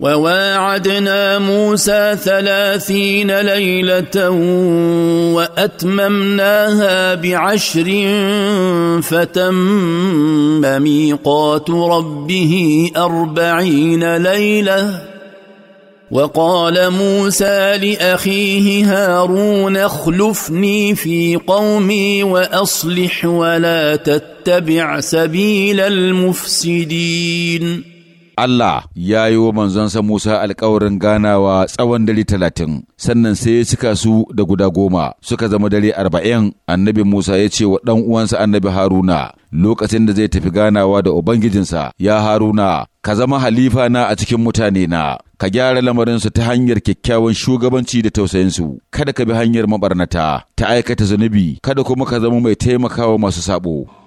وواعدنا موسى ثلاثين ليله واتممناها بعشر فتم ميقات ربه اربعين ليله وقال موسى لاخيه هارون اخلفني في قومي واصلح ولا تتبع سبيل المفسدين Allah ya yi wa manzonsa Musa alkawarin ganawa tsawon dare talatin, sannan sai ya cika su da guda goma suka zama dare arba'in. Annabi Musa ya ce wa ɗan uwansa annabi Haruna lokacin da zai tafi ganawa da Ubangijinsa, ya Haruna, ka zama halifa na a cikin mutane na, ka gyara lamarinsu ta hanyar kyakkyawan shugabanci da tausayinsu, kada ka bi hanyar mabarnata, ta aikata zunubi, kada kuma ka zama mai taimakawa masu sabo.